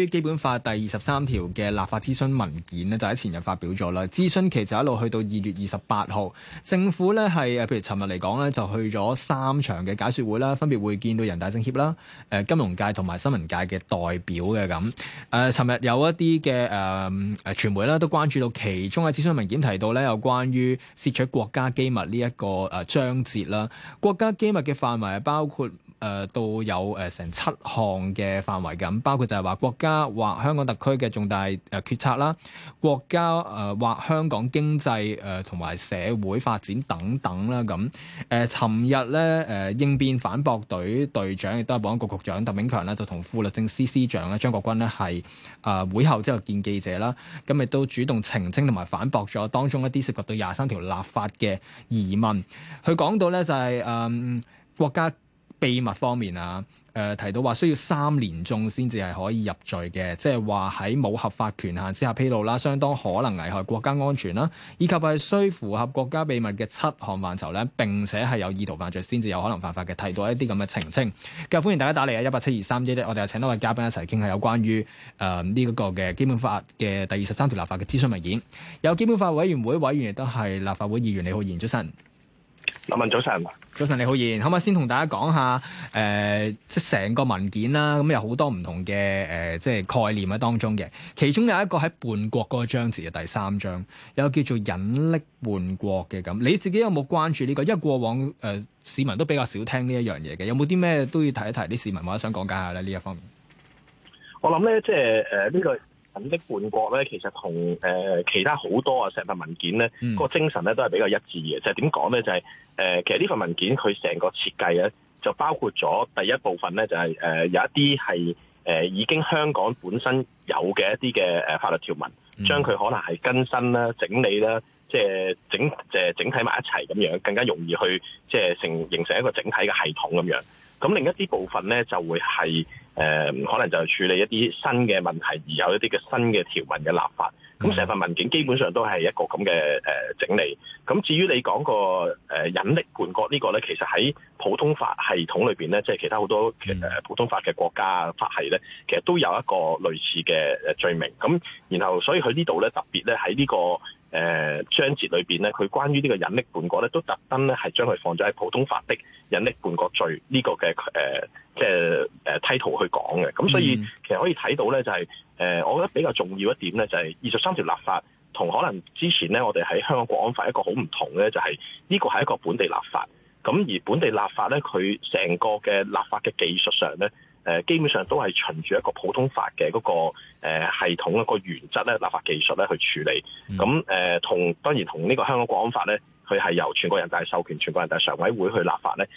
於基本法第二十三條嘅立法諮詢文件呢就喺前日發表咗啦。諮詢期就一路去到二月二十八號，政府咧係誒，譬如尋日嚟講咧，就去咗三場嘅解説會啦，分別會見到人大政協啦、誒金融界同埋新聞界嘅代表嘅咁。誒，尋日有一啲嘅誒誒傳媒啦，都關注到其中嘅諮詢文件提到咧，有關於竊取國家機密呢一個誒章節啦。國家機密嘅範圍係包括。誒到有誒、呃、成七項嘅範圍㗎，咁包括就係話國家或香港特區嘅重大誒決策啦，國家誒或香港經濟誒同埋社會發展等等啦，咁誒尋日咧誒、呃、應變反駁隊隊長亦都係保安局局長鄧炳強呢，就同副律政司司長咧張國軍呢係啊、呃、會後之後見記者啦，咁亦都主動澄清同埋反駁咗當中一啲涉及到廿三條立法嘅疑問。佢講到咧就係、是、誒、嗯、國家秘密方面啊、呃，提到話需要三年中先至係可以入罪嘅，即係話喺冇合法權限之下披露啦，相當可能危害國家安全啦，以及係需符合國家秘密嘅七項範疇咧，並且係有意圖犯罪先至有可能犯法嘅，提到一啲咁嘅澄清。繼續，歡迎大家打嚟啊，一八七二三一一，我哋又請到位嘉賓一齊傾下有關於誒呢、呃這個個嘅基本法嘅第二十三條立法嘅諮詢文件。有基本法委員會委員亦都係立法會議員李浩然，早晨。林文早晨，早晨你好現，然，可唔可以先同大家講下，誒、呃，即係成個文件啦，咁、嗯、有好多唔同嘅，誒、呃，即係概念喺當中嘅，其中有一個喺叛國嗰個章節嘅第三章，有個叫做引力叛國嘅咁，你自己有冇關注呢、這個？因為過往誒、呃、市民都比較少聽呢一樣嘢嘅，有冇啲咩都要提一提啲市民或者想講解一下咧呢一方面？我諗咧，即係誒呢個。呃《憲法叛國》咧，其實同誒其他好多啊成份文件咧，個精神咧都係比較一致嘅。就係點講咧？就係誒，其實呢份文件佢成個設計咧，就包括咗第一部分咧，就係誒有一啲係誒已經香港本身有嘅一啲嘅誒法律條文，將佢可能係更新啦、整理啦，即係整即整體埋一齊咁樣，更加容易去即係成形成一個整體嘅系統咁樣。咁另一啲部分咧，就會係。誒、呃、可能就係處理一啲新嘅問題而有一啲嘅新嘅條文嘅立法，咁成份文件基本上都係一個咁嘅、呃、整理。咁至於你講個誒隱匿叛國個呢個咧，其實喺普通法系統裏面咧，即係其他好多、嗯、普通法嘅國家法系咧，其實都有一個類似嘅罪名。咁然後所以佢呢度咧特別咧喺呢個，誒、呃、章節裏面呢，咧，佢關於呢個隱匿叛國咧，都特登咧係將佢放咗喺普通法的隱匿叛國罪呢個嘅即係誒 title 去講嘅。咁所以、嗯、其實可以睇到咧，就係、是、誒、呃，我覺得比較重要一點咧，就係二十三條立法同可能之前咧，我哋喺香港國安法一個好唔同咧、就是，就係呢個係一個本地立法。咁而本地立法咧，佢成個嘅立法嘅技術上咧。誒基本上都係循住一個普通法嘅嗰個系統一個原則咧立法技術咧去處理，咁誒、嗯、同當然同呢個香港國安法咧，佢係由全國人大授權全國人大常委會去立法咧，誒、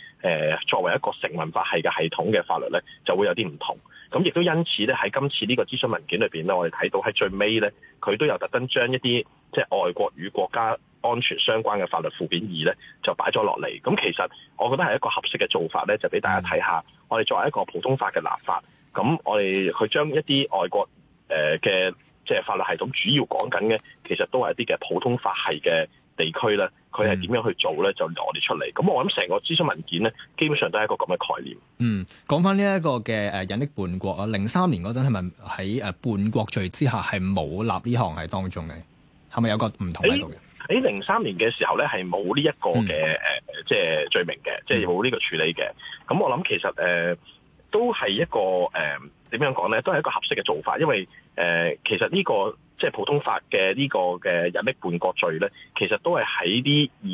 呃、作為一個成文法系嘅系統嘅法律咧，就會有啲唔同。咁亦都因此咧，喺今次呢個諮詢文件裏面咧，我哋睇到喺最尾咧，佢都有特登將一啲即係外國與國家安全相關嘅法律附件二咧，就擺咗落嚟。咁其實我覺得係一個合適嘅做法咧，就俾大家睇下。嗯我哋作為一個普通法嘅立法，咁我哋去將一啲外國誒嘅、呃、即係法律系統主要講緊嘅，其實都係一啲嘅普通法系嘅地區咧，佢係點樣去做咧，就攞嚟出嚟。咁我諗成個諮詢文件咧，基本上都係一個咁嘅概念。嗯，講返呢一個嘅誒、呃、引力叛國啊，零三年嗰陣係咪喺誒叛國罪之下係冇立呢項係當中嘅？係咪有一個唔同喺度嘅？欸喺零三年嘅時候咧，係冇呢一個嘅即係罪名嘅，嗯、即係冇呢個處理嘅。咁、嗯、我諗其實誒、呃、都係一個誒點、呃、樣講咧，都係一個合適嘅做法，因為誒、呃、其實呢、這個即係、就是、普通法嘅呢個嘅隱匿叛國罪咧，其實都係喺呢二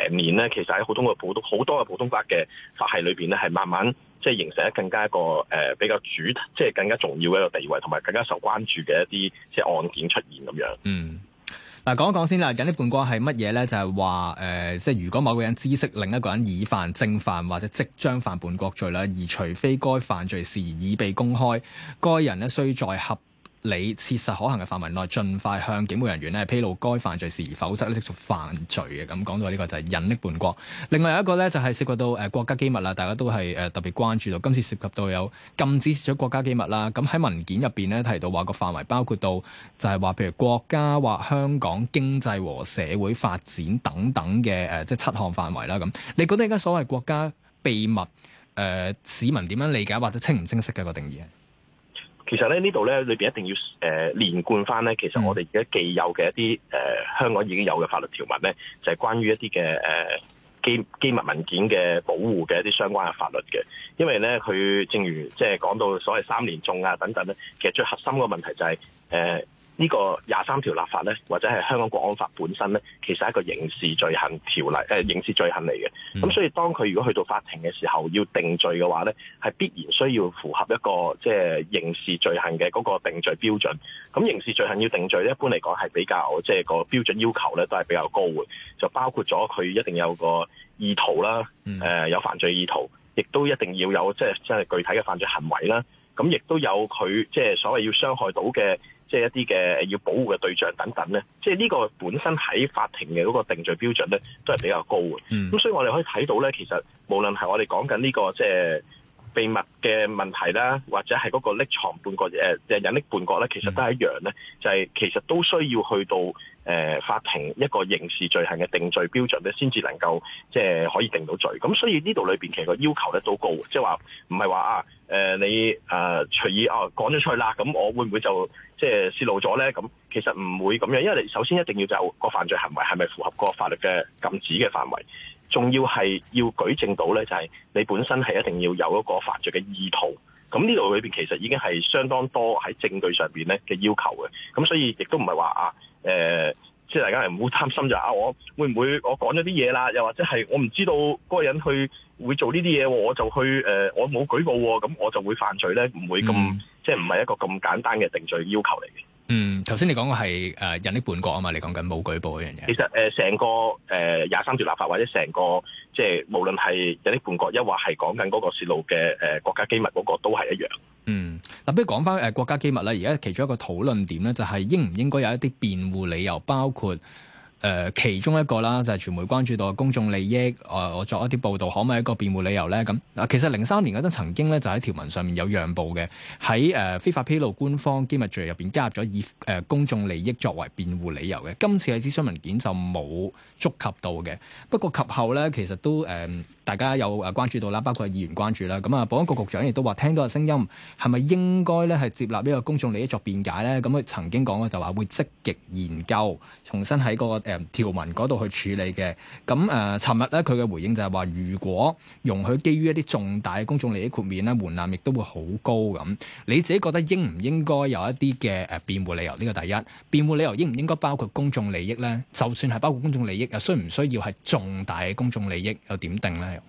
十零年咧，其實喺普通嘅普通好多嘅普通法嘅法系裏面咧，係慢慢即係形成一更加一個誒、呃、比較主，即、就、係、是、更加重要嘅一個地位同埋更加受關注嘅一啲即係案件出現咁樣。嗯。嗱，講一講先啦。隱匿叛國係乜嘢咧？就係、是、話，誒、呃，即係如果某個人知悉另一個人已犯正犯或者即將犯叛國罪啦，而除非該犯罪事已被公開，該人咧需在合你切實可行嘅範圍內，盡快向警務人員咧披露該犯罪事宜，否則咧即屬犯罪嘅。咁講到呢個就係隱匿叛國。另外有一個咧，就係涉及到國家機密啦，大家都係特別關注到。今次涉及到有禁止咗國家機密啦。咁喺文件入邊咧提到話個範圍包括到就係話，譬如國家或香港經濟和社會發展等等嘅即七項範圍啦。咁你覺得而家所謂國家秘密，呃，市民點樣理解或者清唔清晰嘅個定義？其實咧，呢度咧裏面一定要誒、呃、連貫返咧，其實我哋而家既有嘅一啲誒、呃、香港已經有嘅法律條文咧，就係、是、關於一啲嘅誒機機密文件嘅保護嘅一啲相關嘅法律嘅，因為咧佢正如即係講到所謂三年中啊等等咧，其實最核心個問題就係、是、誒。呃呢個廿三條立法咧，或者係香港國安法本身咧，其實係一個刑事罪行條例，誒、呃、刑事罪行嚟嘅。咁、嗯、所以當佢如果去到法庭嘅時候，要定罪嘅話咧，係必然需要符合一個即係、就是、刑事罪行嘅嗰個定罪標準。咁刑事罪行要定罪，一般嚟講係比較即係、就是這個標準要求咧，都係比較高嘅，就包括咗佢一定有個意圖啦、呃，有犯罪意圖，亦都一定要有即係即係具體嘅犯罪行為啦。咁亦都有佢即係所謂要傷害到嘅。即係一啲嘅要保護嘅對象等等咧，即係呢個本身喺法庭嘅嗰個定罪標準咧，都係比較高嘅。咁、mm. 所以我哋可以睇到咧，其實無論係我哋講緊呢個即係。秘密嘅問題啦，或者係嗰個匿藏叛國誒誒隱匿叛國咧、呃，其實都係一樣咧，就係、是、其實都需要去到誒、呃、法庭一個刑事罪行嘅定罪標準咧，先至能夠即係、呃、可以定到罪。咁所以呢度裏邊其實個要求咧都高，即係話唔係話啊誒你誒、呃、隨意哦講咗出去啦，咁我會唔會就即係泄露咗咧？咁其實唔會咁樣，因為你首先一定要就、那個犯罪行為係咪符合個法律嘅禁止嘅範圍？仲要係要舉證到咧，就係、是、你本身係一定要有一個犯罪嘅意圖。咁呢度裏邊其實已經係相當多喺證據上邊咧嘅要求嘅。咁所以亦都唔係話啊，誒、呃，即係大家係唔好擔心就啊，我會唔會我講咗啲嘢啦？又或者係我唔知道嗰個人去會做呢啲嘢，我就去誒、呃，我冇舉報喎、啊，咁我就會犯罪咧？唔會咁、嗯、即係唔係一個咁簡單嘅定罪要求嚟嘅。嗯，頭先你講嘅係誒隱匿叛國啊嘛，你講緊冇舉報一樣嘢。其實成、呃、個誒廿三條立法或者成個即係無論係隱匿叛國，一或係講緊嗰個泄露嘅、呃、國家機密嗰個都係一樣。嗯，嗱，不如講翻國家機密咧，而家其中一個討論點咧，就係應唔應該有一啲辯護理由，包括。誒、呃、其中一個啦，就係、是、傳媒關注到嘅公眾利益，誒、呃、我作一啲報道，可唔可以一個辯護理由咧？咁、嗯、嗱，其實零三年嗰陣曾經咧，就喺條文上面有讓步嘅，喺誒、呃、非法披露官方機密罪入邊加入咗以誒、呃、公眾利益作為辯護理由嘅。今次嘅諮詢文件就冇觸及到嘅。不過及後咧，其實都誒、呃、大家有誒關注到啦，包括議員關注啦。咁、嗯、啊，保安局局長亦都話聽到嘅聲音係咪應該咧係接納呢個公眾利益作辯解咧？咁、嗯、佢曾經講過就話會積極研究重新喺、那個。誒條文嗰度去處理嘅，咁誒，尋日咧佢嘅回應就係話，如果容許基於一啲重大嘅公眾利益豁免咧，門檻亦都會好高咁。你自己覺得應唔應該有一啲嘅誒辯護理由？呢個第一，辯護理由應唔應該包括公眾利益咧？就算係包括公眾利益啊，又需唔需要係重大嘅公眾利益又點定咧？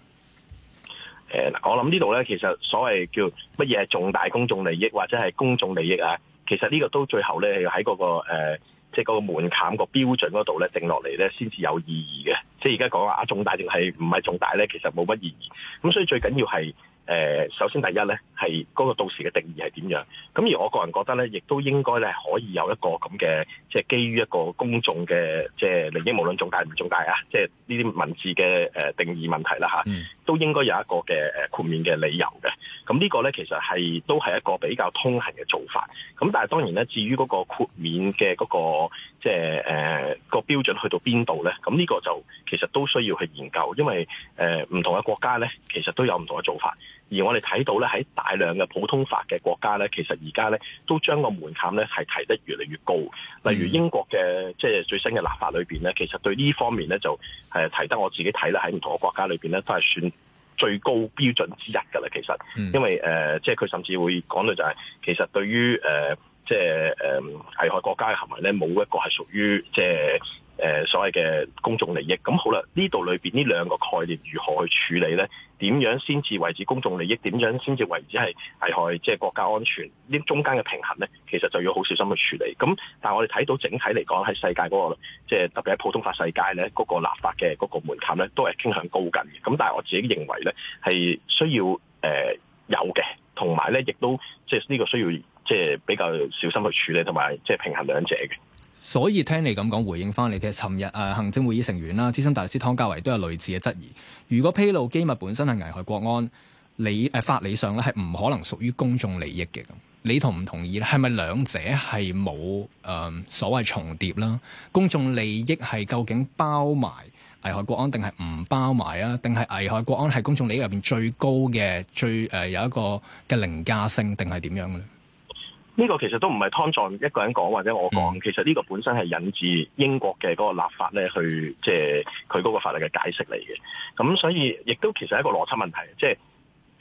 誒，我諗呢度咧，其實所謂叫乜嘢係重大公眾利益或者係公眾利益啊，其實呢個都最後咧係喺嗰個誒。即係嗰個門檻個標準嗰度咧，定落嚟咧先至有意義嘅。即係而家講話重大定係唔係重大咧，其實冇乜意義。咁所以最緊要係。誒，首先第一咧，係嗰個到時嘅定義係點樣？咁而我個人覺得咧，亦都應該咧，可以有一個咁嘅，即係基於一個公眾嘅，即係，無論中介唔中介啊，即係呢啲文字嘅定義問題啦嚇、啊，都應該有一個嘅誒闊嘅理由嘅。咁呢個咧其實係都係一個比較通行嘅做法。咁但係當然咧，至於嗰個闊綿嘅嗰個，即係誒個標準去到邊度咧？咁呢個就其實都需要去研究，因為誒唔、呃、同嘅國家咧，其實都有唔同嘅做法。而我哋睇到咧，喺大量嘅普通法嘅國家咧，其實而家咧都將個門檻咧係提得越嚟越高。例如英國嘅即係最新嘅立法裏邊咧，其實對呢方面咧就係提得，我自己睇咧，喺唔同嘅國家裏邊咧都係算最高標準之一㗎啦。其實因為誒、呃、即係佢甚至會講到就係、是、其實對於誒、呃、即係、呃、危害國家嘅行為咧，冇一個係屬於即係。誒所謂嘅公眾利益，咁好啦，呢度裏邊呢兩個概念如何去處理咧？點樣先至為止公眾利益？點樣先至為止係危害即係國家安全？呢、就是、中間嘅平衡咧，其實就要好小心去處理。咁但係我哋睇到整體嚟講，喺世界嗰、那個即係、就是、特別喺普通法世界咧，嗰、那個立法嘅嗰個門檻咧，都係傾向高緊嘅。咁但係我自己認為咧，係需要、呃、有嘅，同埋咧亦都即係呢個需要即係、就是、比較小心去處理，同埋即係平衡兩者嘅。所以聽你咁講，回應翻你嘅，尋日誒行政會議成員啦，資深大律師湯家維都有類似嘅質疑。如果披露機密本身係危害國安，理誒法理上咧係唔可能屬於公眾利益嘅。咁你同唔同意咧？係咪兩者係冇誒所謂重疊啦？公眾利益係究竟包埋危害國安定係唔包埋啊？定係危害國安係公眾利益入邊最高嘅？最誒、呃、有一個嘅凌駕性定係點樣咧？呢個其實都唔係湯狀一個人講，或者我講，嗯、其實呢個本身係引自英國嘅嗰個立法咧，去即係佢嗰個法律嘅解釋嚟嘅。咁所以亦都其實係一個邏輯問題，即係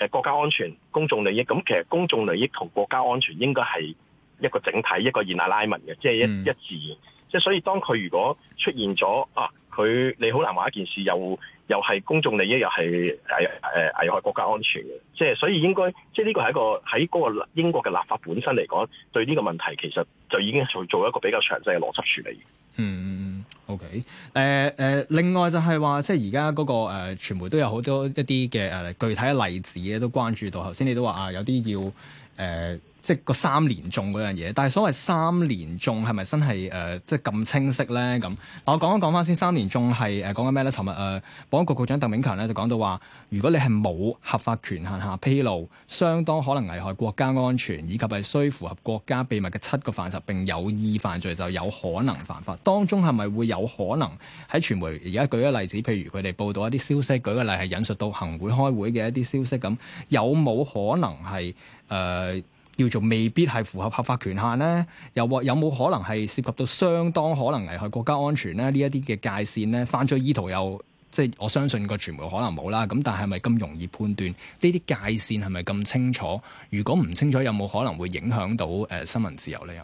誒國家安全、公眾利益。咁其實公眾利益同國家安全應該係一個整體、一個 in alignment 嘅，即係、就是、一、嗯、一致。即係所以當佢如果出現咗啊，佢你好難話一件事又。又係公眾利益，又係誒誒危害國家安全嘅，即係所以應該，即係呢個係一個喺嗰個英國嘅立法本身嚟講，對呢個問題其實就已經做做一個比較詳細嘅邏輯處理。嗯嗯嗯，OK，誒、呃、誒、呃，另外就係話，即係而家嗰個誒、呃、傳媒都有好多一啲嘅誒具體嘅例子咧，都關注到。頭先你都話啊，有啲要誒。呃即係個三連中嗰樣嘢，但係所謂三連中係咪真係誒、呃、即係咁清晰咧？咁我講一講翻先。三連中係誒講緊咩咧？尋日誒保安局局長鄧炳強咧就講到話，如果你係冇合法權限下披露，相當可能危害國家安全，以及係需符合國家秘密嘅七個犯實並有意犯罪，就有可能犯法。當中係咪會有可能喺傳媒而家舉一個例子，譬如佢哋報道一啲消息，舉個例係引述到行會開會嘅一啲消息咁，有冇可能係誒？呃叫做未必係符合合法權限咧，又或有冇可能係涉及到相當可能危害國家安全咧？呢一啲嘅界線咧，犯罪意圖又即係我相信個傳媒可能冇啦。咁但係咪咁容易判斷呢啲界線係咪咁清楚？如果唔清楚，有冇可能會影響到誒、呃、新聞自由咧？又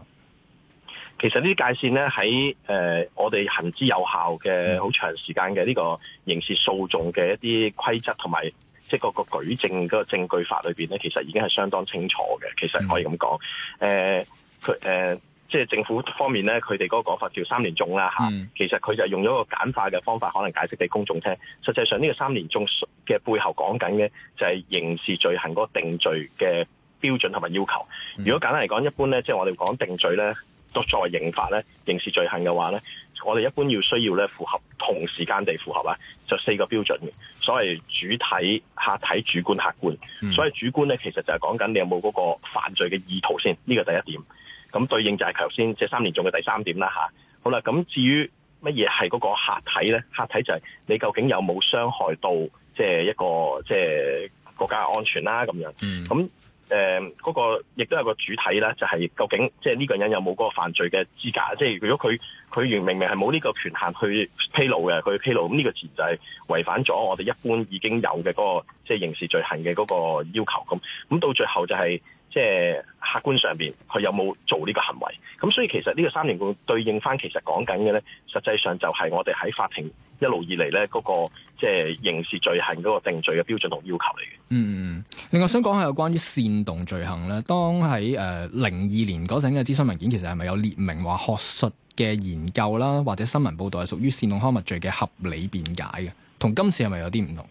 其實，呢啲界線咧喺誒我哋行之有效嘅好、嗯、長時間嘅呢個刑事訴訟嘅一啲規則同埋。即係嗰個舉證嗰、那個證據法裏邊咧，其實已經係相當清楚嘅。嗯、其實可以咁講，誒佢誒，即係政府方面咧，佢哋嗰個講法叫「三年中、啊」啦嚇、嗯。其實佢就用咗個簡化嘅方法，可能解釋俾公眾聽。實際上呢個三年中」嘅背後講緊嘅就係、是、刑事罪行嗰個定罪嘅標準同埋要求。如果簡單嚟講，一般咧，即係我哋講定罪咧，都作為刑法咧，刑事罪行嘅話咧。我哋一般要需要咧符合同時間地符合啊，就四個標準嘅所謂主體、客體、主觀、客觀，嗯、所以主觀咧其實就係講緊你有冇嗰個犯罪嘅意圖先，呢、呢個第一點。咁對應就係頭先即係三年中嘅第三點啦，吓、啊，好啦。咁至於乜嘢係嗰個客體咧？客體就係你究竟有冇傷害到即係、即係、一個即係、即係、國家嘅安全啦、啊，咁樣咁。嗯誒嗰、嗯、那個亦都有個主體啦，就係、是、究竟即係呢個人有冇嗰個犯罪嘅資格？即、就、係、是、如果佢佢原明明係冇呢個權限去披露嘅，佢披露咁呢個詞就係違反咗我哋一般已經有嘅嗰、那個即係、就是、刑事罪行嘅嗰個要求咁。咁到最後就係即係客觀上面，佢有冇做呢個行為？咁所以其實呢個三年半對應翻其實講緊嘅咧，實際上就係我哋喺法庭。一路以嚟呢，嗰個即係刑事罪行嗰個定罪嘅標準同要求嚟嘅。嗯嗯另外想講下有關於煽動罪行呢，當喺誒零二年嗰陣嘅諮詢文件，其實係咪有列明話學術嘅研究啦，或者新聞報道係屬於煽動刊物罪嘅合理辯解嘅？同今次係咪有啲唔同？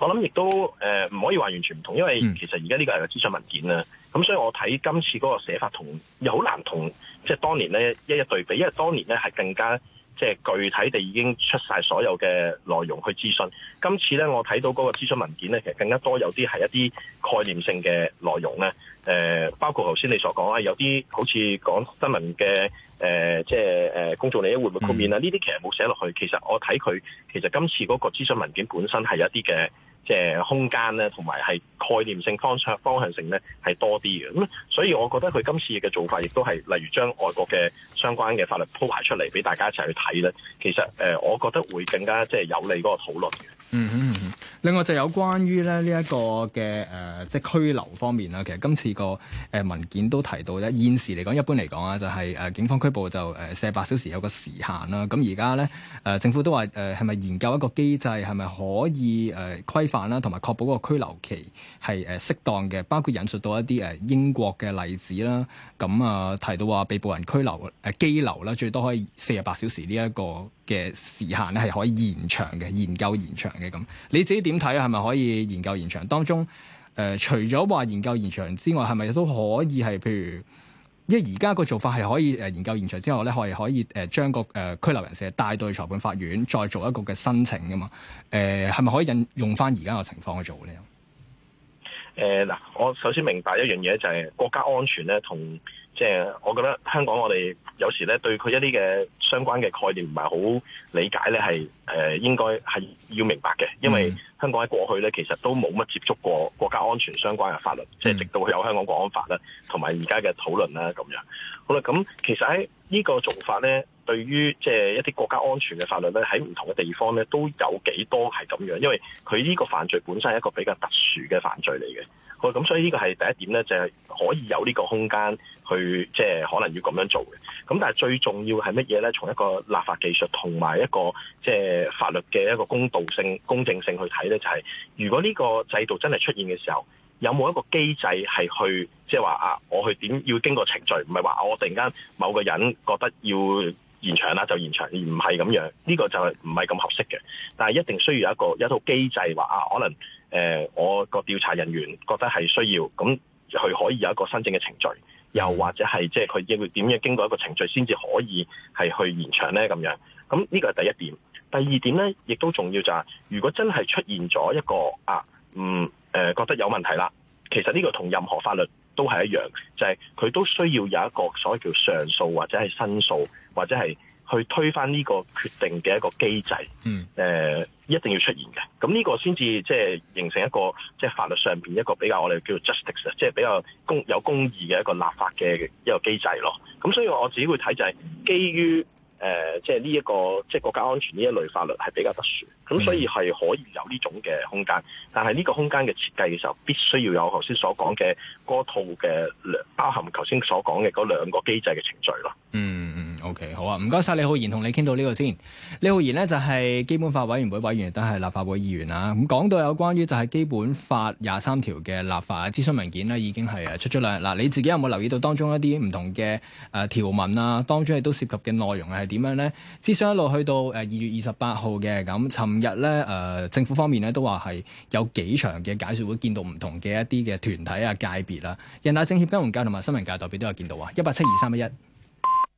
我諗亦都誒唔、呃、可以話完全唔同，因為其實而家呢個係個諮詢文件啦。咁、嗯、所以我睇今次嗰個寫法，同又好難同即係當年呢，一一對比，因為當年呢係更加。即係具體地已經出晒所有嘅內容去諮詢。今次咧，我睇到嗰個諮詢文件咧，其實更加多有啲係一啲概念性嘅內容咧。誒、呃，包括頭先你所講啊，有啲好似講新聞嘅誒，即係誒公眾利益會唔會豁免啊？呢啲、嗯、其實冇寫落去。其實我睇佢，其實今次嗰個諮詢文件本身係一啲嘅嘅空間咧，同埋係概念性方向方向性咧，係多啲嘅咁，所以我覺得佢今次嘅做法亦都係，例如將外國嘅相關嘅法律鋪排出嚟俾大家一齊去睇咧，其實誒，我覺得會更加即係有利嗰個討論。嗯哼、嗯嗯嗯、另外就有關於咧呢一個嘅誒、呃，即係拘留方面啦。其實今次個誒文件都提到咧，現時嚟講，一般嚟講啊，就係誒警方拘捕就誒四十八小時有個時限啦。咁而家咧誒政府都話誒係咪研究一個機制，係咪可以誒規範啦，同埋確保個拘留期係誒適當嘅，包括引述到一啲誒英國嘅例子啦。咁啊、呃、提到話被捕人拘留誒、啊、拘留啦，最多可以四十八小時呢一個嘅時限咧係可以延長嘅，研究延長嘅。嘅咁，你自己點睇啊？係咪可以研究延長？當中誒、呃，除咗話研究延長之外，係咪都可以係譬如，因為而家個做法係可以誒研究延長之後咧，我係可以誒、呃、將個誒、呃、拘留人士帶到去裁判法院，再做一個嘅申請㗎嘛？誒係咪可以引用用翻而家嘅情況去做咧？誒嗱、呃，我首先明白一樣嘢就係國家安全咧同。即係，就是我覺得香港我哋有時咧對佢一啲嘅相關嘅概念唔係好理解咧，係誒、呃、應該係要明白嘅，因為香港喺過去咧其實都冇乜接觸過國家安全相關嘅法律，即、就、係、是、直到有香港國安法啦，同埋而家嘅討論啦咁樣。好啦，咁其實喺呢個做法咧。對於即係一啲國家安全嘅法律咧，喺唔同嘅地方咧都有幾多係咁樣？因為佢呢個犯罪本身係一個比較特殊嘅犯罪嚟嘅。咁所以呢個係第一點咧，就係可以有呢個空間去即係可能要咁樣做嘅。咁但係最重要係乜嘢咧？從一個立法技術同埋一個即係法律嘅一個公道性、公正性去睇咧，就係如果呢個制度真係出現嘅時候，有冇一個機制係去即係話啊，我去點要經過程序，唔係話我突然間某個人覺得要。延長啦就延長而唔係咁樣呢，這個就係唔係咁合適嘅。但係一定需要有一個有一套機制說，話啊可能誒、呃，我個調查人員覺得係需要，咁佢可以有一個申請嘅程序，又或者係即係佢要點樣經過一個程序，先至可以係去延長咧，咁樣。咁呢個係第一點。第二點咧，亦都重要就係、是，如果真係出現咗一個啊，唔、嗯、誒、呃，覺得有問題啦，其實呢個同任何法律。都係一樣，就係、是、佢都需要有一個所謂叫上訴或者係申訴或者係去推翻呢個決定嘅一個機制。嗯、呃，誒一定要出現嘅，咁呢個先至即係形成一個即係、就是、法律上邊一個比較我哋叫做 justice，即係比較公有公義嘅一個立法嘅一個機制咯。咁所以我自己會睇就係基於。誒、呃，即係呢一個即係國家安全呢一類法律係比較特殊，咁所以係可以有呢種嘅空間，但係呢個空間嘅設計嘅時候，必須要有頭先所講嘅嗰套嘅，包含頭先所講嘅嗰兩個機制嘅程序咯。嗯。O.K. 好啊，唔該晒，李浩然，同你傾到呢個先。李浩然呢就係、是、基本法委員會委員，都係立法會議員啦、啊。咁講到有關於就係基本法廿三條嘅立法諮詢文件呢已經係出咗兩日啦。你自己有冇留意到當中一啲唔同嘅誒條文啊？當中係都涉及嘅內容係點樣呢？諮詢一路去到誒二、呃、月二十八號嘅咁，尋日呢、呃，政府方面呢都話係有幾場嘅解說會，見到唔同嘅一啲嘅團體啊界別啦、啊，人大政協金融界同埋新聞界代表都有見到啊。一八七二三一一